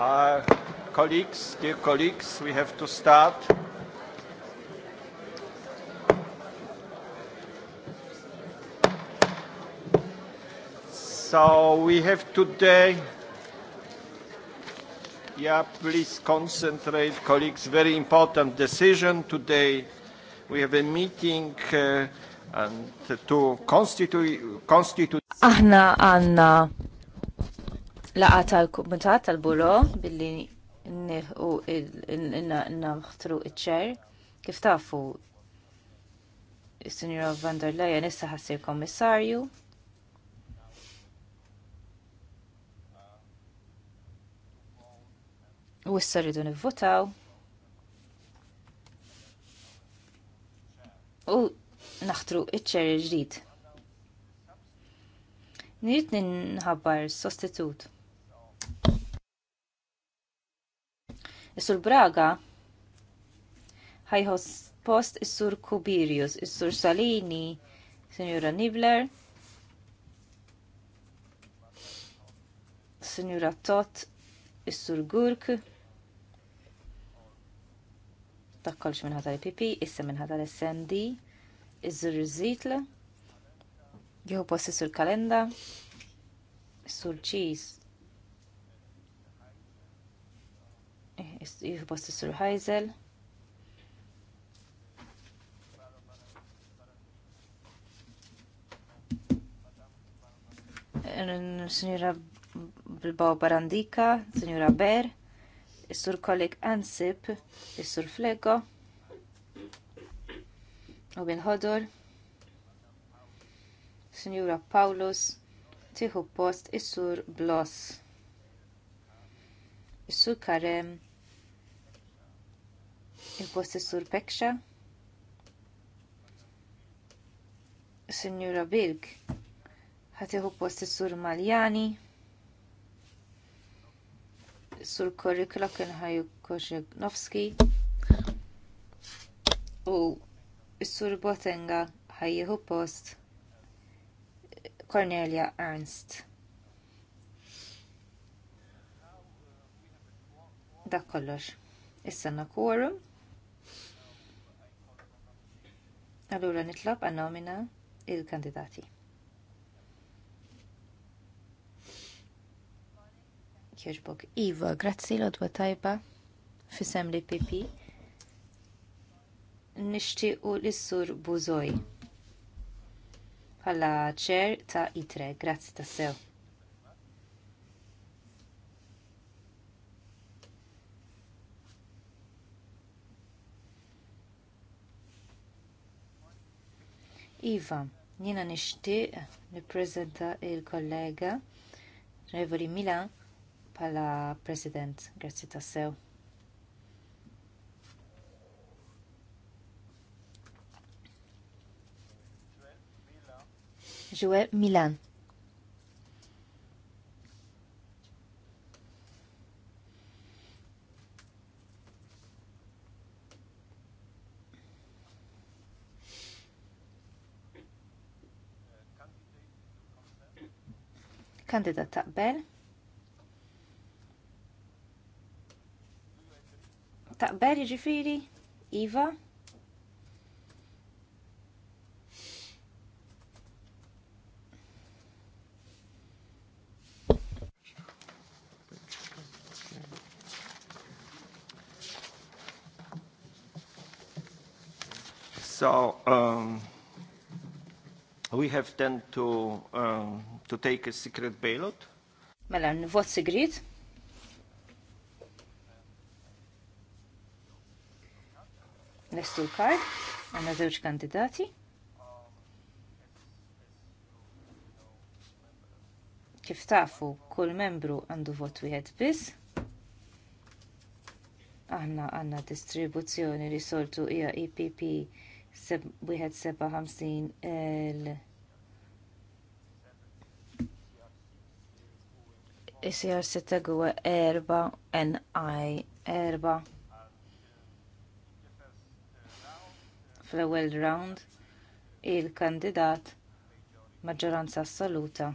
Our colleagues, dear colleagues, we have to start. So we have today, yeah, please concentrate, colleagues, very important decision today. We have a meeting uh, and to constitute, constitute. Aħna għanna laqa tal-Kumitat tal bulo billi nilħu naħtru iċ-ċer. Kif tafu, is-Sinjura van der Leyen issa ħassir kommissarju. U issa rridu nivvotaw. U naħtru iċ-ċer ġdid. Nirrit ninħabbar sostitut. sur Braga ħajħos post is-Sur Kubirius, is-Sur Salini, Sinjura Nibler, Sinjura Tot, is-Sur Gurk, dakkolx minn ħata l-PP, issa minn ħata l-SND, is-Sur Zitl, jħu post is-Sur Kalenda, is-Sur Cheese, jihbost s-sur ħajzel. Signora Bilbao Barandika, Senjura Ber, s sur Kolik Ansip, s sur Flego, u bil-ħodur, Senjura Paulus, tiħu post s sur Bloss, is Karem, il-possessur Peksha, Signora Bilg, ħatiħu possessur Maljani, sur Klokken Klokenhaju Kożegnowski u sur Botenga ħajjieħu post Cornelia Ernst. Dak kollox. Issa na quorum. Allura nitlob għannomina il-kandidati. Kjoġbok. Iva, grazzi l tajba fissem li pipi. u l-sur Buzoj. Pala ċer ta' itre, grazzi ta' sew. Iva, jina nishtiq nippreżenta il-kollega Revoli Milan pala President. Grazzi tassew. Joël Milan. Kandidat taqbel. Taqbel jiġifieri Iva. So um, we have then to um, to take a secret bailout? Mela, n-vot segret? Nestu l-kard, għanna zewġ kandidati. Kif tafu, kull membru għandu vot wieħed biss. Aħna għanna distribuzzjoni li soltu hija IPP 57 il- Isir e sitta għuwa erba NI erba fl ewwel round il-kandidat maġġoranza assoluta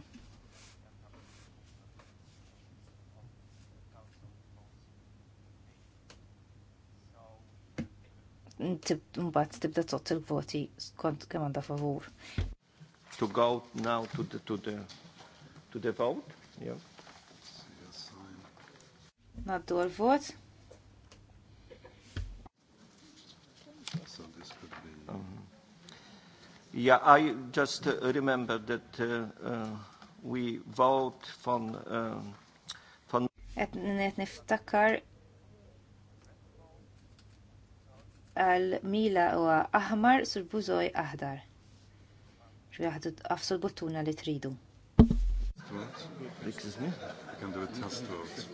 mbagħad tibda tot il-voti skont kemm għandha favur. To go now to the to the to the vote. Yeah naddu għal-vot. Yeah, I just uh, remember that uh, uh, we vote from... Uh, from... net niftakar al mila u ahmar sul-buzoj ahdar. Ġviħdu għafsu buttuna li tridu vote? Excuse me? We can do a test vote.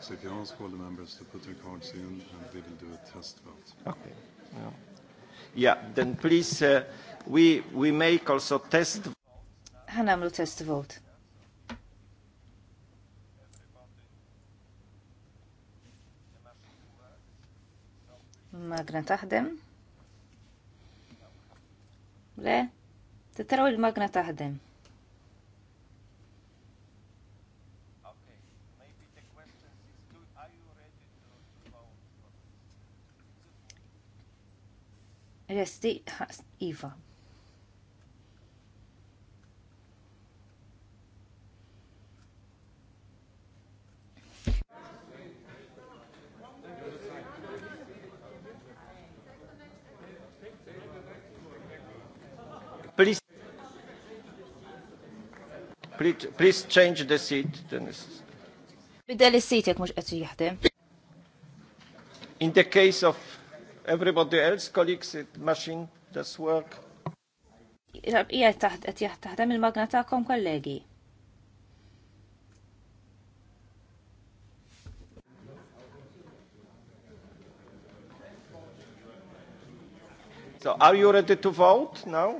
So if you ask all the members to put their cards in, and we will do a test vote. Okay. Yeah, yeah then please, uh, we, we make also test vote. will test vote. Magna taħdem? Le? Tittaraw il-magna taħdem. resti iva. Please, please, change the seat. Bidel is seat jek mux għetu jihdem. In the case of Everybody else, colleagues, it machine does work. Ija taħdem il-magna taqom kollegi. So are you ready to vote now?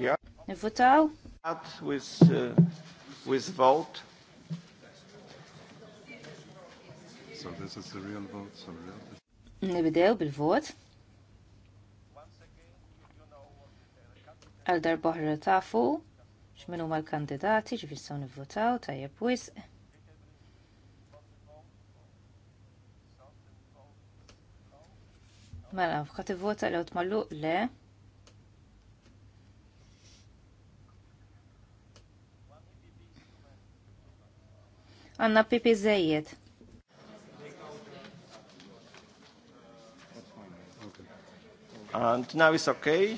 Yeah. Nivvotaw? Start with, uh, with vote. So this is the real vote, so real. Nibidew bil-vot. għal darba ħra tafu x'min huma l-kandidati ġifi sew nivvotaw tajjeb wisq. Mela, f'kat ivvota lew tmalluq le. Għanna pipi zejjed. And now it's okay.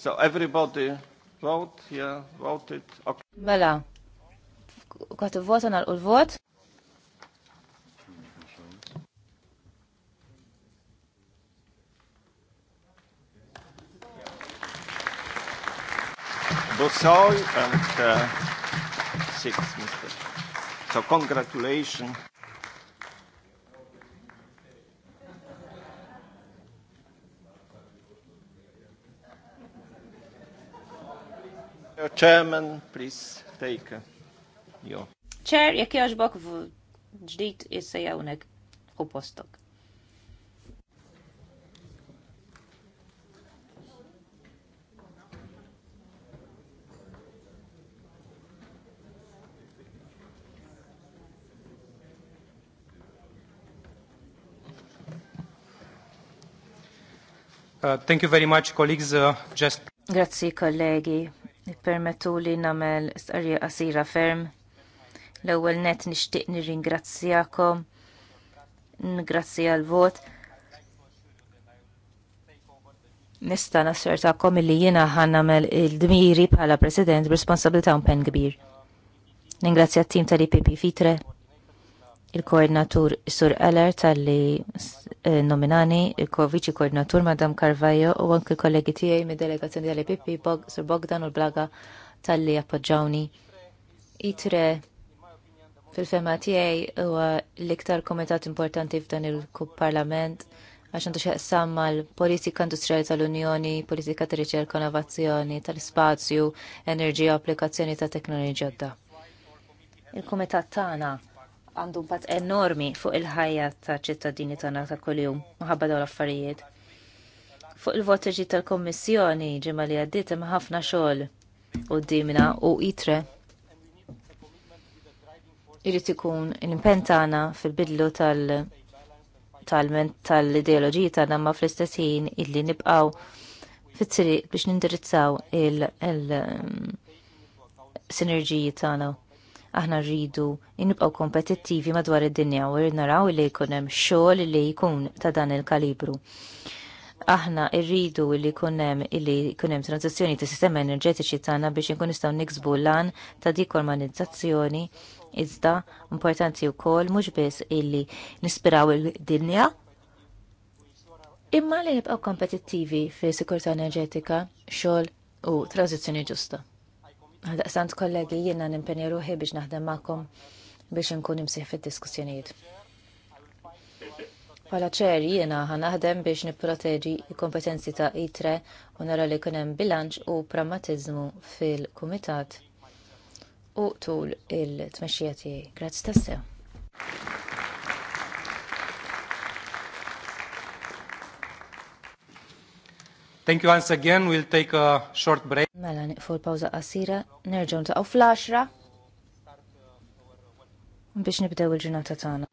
So everybody vote, yeah, voted. Okay. Mela, kot vota nal u l vot Busoy and uh, six, Mr. So congratulations. Chairman, please take uh, your. Chair, jek jaġbok ġdijt jissajja unek u postok. Uh, thank you very much, colleagues. Uh, just... Grazie, colleghi. Permettu li namel sarja qasira ferm. L-ewwel net nixtieq nirringrazzjakom. Ngrazzi għal vot. Nista' nassertakom illi jiena nagħmel il-dmiri bħala President b'responsabilità un pen kbir. Ningrazzja t-tim tal-IPP Fitre, il-koordinatur Sur Eller tal-li nominani il-Koviċi Koordinatur Madam Carvajo u anki kollegi tiegħi mid-delegazzjoni tal-IPP Bog, Sir Bogdan u l-Blaga tal-li appoġġawni. Itre fil-fema tiegħi huwa l-iktar komitat importanti f'dan il-Parlament għax għandu samma l politika industrijali tal-Unjoni, politika ta' riċerka innovazzjoni, tal-spazju, enerġija u applikazzjoni ta' teknoloġija ġodda. Il-komitat tagħna għandu impatt enormi fuq il-ħajja ta' ċittadini tagħna ta' kuljum minħabba dawn l-affarijiet. Fuq il-votiġi tal-Kommissjoni ġimgħa li għaddiet hemm ħafna xogħol dimna u itre. Irid ikun impentana fil-bidlu tal- tal ideoloġija tagħna ma fl-istess ħin illi nibqgħu fit-triq biex nindirizzaw il-sinerġiji tagħna. Aħna rridu nibqgħu kompetittivi madwar id-dinja u rrid naraw li jkun hemm xogħol li jkun ta' dan il-kalibru. Aħna rridu li jkun hemm li jkun hemm tranzizzjoni ta' sistema enerġetiċi tagħna biex inkun nistgħu niksbu lan ta' dikormanizzazzjoni iżda importanti wkoll mhux biss illi nispiraw il-dinja imma li nibqgħu kompetittivi fi sikurtà enerġetika, xogħol u tranzizzjoni ġusta. Għaldaqstant kollegi jiena nimpenja ruħi biex naħdem magħkom biex nkun imsih fid-diskussjonijiet. Pala ċer jiena ħanaħdem biex nipproteġi l-kompetenzi ta' ITRE u nara li kunem bilanċ u pragmatizmu fil-kumitat u tul il-tmexxija tiegħi. Grazzi tassew. Thank you once again. We'll take a short break. Mela niqfu l-pawza qasira, nerġgħu ntaqgħu fl-10 biex nibdew il-ġurnata tagħna.